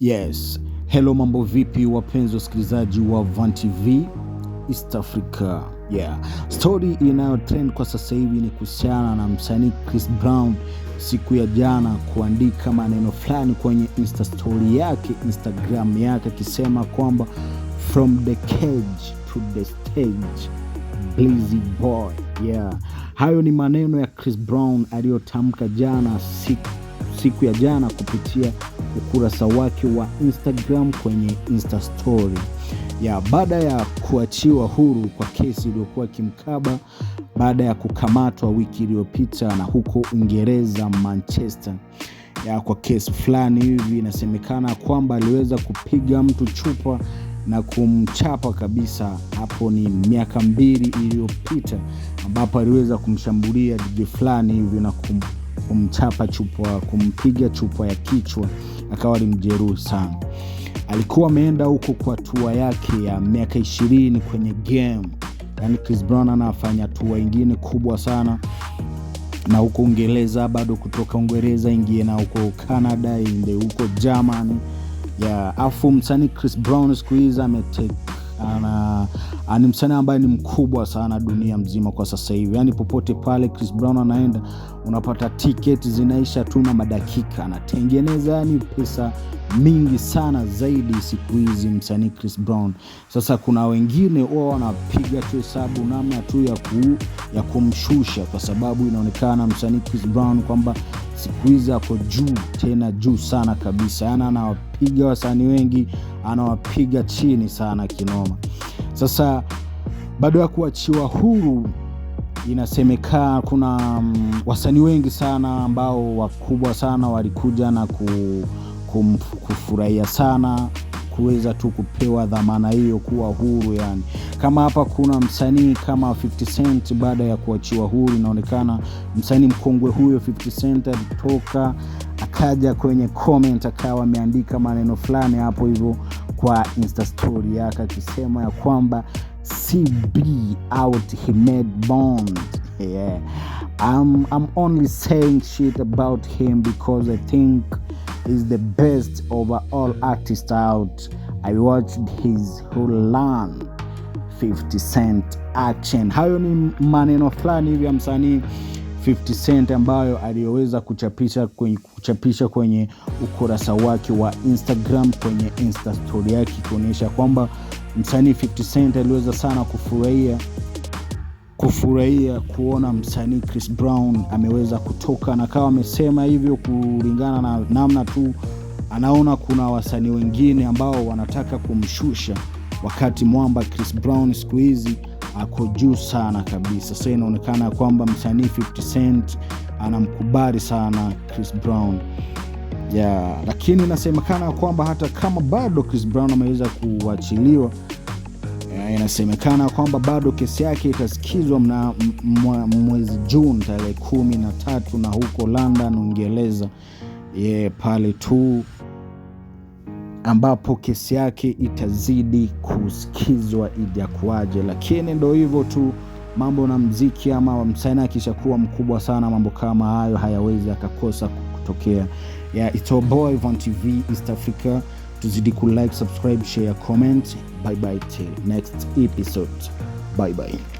Yes, hello, mambo vipi wapenzi wasikilizaji wa Van TV East Africa. Yeah, inayo trend kwa sasa hivi ni kuhusiana na msanii Chris Brown siku ya jana kuandika maneno fulani kwenye insta story yake Instagram yake akisema kwamba from the cage to the stage Blizzy boy. Yeah, hayo ni maneno ya Chris Brown aliyotamka jana siku, siku ya jana kupitia ukurasa wake wa Instagram kwenye Insta story ya baada ya kuachiwa huru kwa kesi iliyokuwa kimkaba baada ya kukamatwa wiki iliyopita na huko Uingereza Manchester ya kwa kesi fulani hivi, inasemekana kwamba aliweza kupiga mtu chupa na kumchapa kabisa. Hapo ni miaka mbili iliyopita, ambapo aliweza kumshambulia DJ fulani hivi na kum, kumchapa chupa, kumpiga chupa ya kichwa akawa alimjeruhi sana. Alikuwa ameenda huko kwa tua yake ya miaka ishirini kwenye game, yani Chris Brown anafanya tua ingine kubwa sana na huko Uingereza bado, kutoka Uingereza ingie na huko Canada inde huko Germany ya Afu msanii Chris Brown siku hizi ana Ah, ni msanii ambaye ni mkubwa sana dunia mzima kwa sasa hivi, Yani popote pale Chris Brown anaenda unapata tiketi zinaisha tu na madakika. Anatengeneza yani pesa mingi sana zaidi siku hizi msanii Chris Brown. Sasa kuna wengine wao wanapiga tu hesabu namna tu ya, ku, ya kumshusha kwa sababu inaonekana msanii Chris Brown kwamba siku hizi ako juu tena juu sana kabisa, yani anawapiga wasanii wengi, anawapiga chini sana kinoma. Sasa baada ya kuachiwa huru, inasemekana kuna um, wasanii wengi sana ambao wakubwa sana walikuja na ku, kum, kufurahia sana kuweza tu kupewa dhamana hiyo kuwa huru. Yani kama hapa kuna msanii kama 50 Cent baada ya kuachiwa huru, inaonekana msanii mkongwe huyo 50 Cent alitoka akaja kwenye comment akawa ameandika maneno fulani hapo hivyo kwa insta story yake akisema ya kwamba CB out he made bond yeah. I'm, I'm only saying shit about him because I think he's the best all artist out I watched his hulan 50 Cent action. Hayo ni maneno fulani hivi ya msanii 50 Cent ambayo aliyoweza kuchapisha kwenye, kuchapisha kwenye ukurasa wake wa Instagram kwenye insta story yake kuonyesha kwamba msanii 50 Cent aliweza sana kufurahia kufurahia kuona msanii Chris Brown ameweza kutoka na kawa amesema hivyo kulingana na namna tu anaona kuna wasanii wengine ambao wanataka kumshusha, wakati mwamba Chris Brown siku hizi ako juu sana kabisa. Sasa inaonekana ya kwamba msanii 50 Cent anamkubali sana Chris Brown yeah. Lakini inasemekana ya kwamba hata kama bado Chris Brown ameweza kuachiliwa inasemekana ya kwamba bado kesi yake itasikizwa mwezi Juni tarehe kumi na tatu na huko London, Uingereza yeah, pale tu ambapo kesi yake itazidi kusikizwa itakuwaje. Lakini ndo hivyo tu mambo na mziki, ama msanii akishakuwa mkubwa sana, mambo kama hayo hayawezi akakosa kutokea. Yeah, itoboa Ivan TV East Africa, tuzidi kulike, subscribe, share, comment. Bye bye till next episode, bye bye.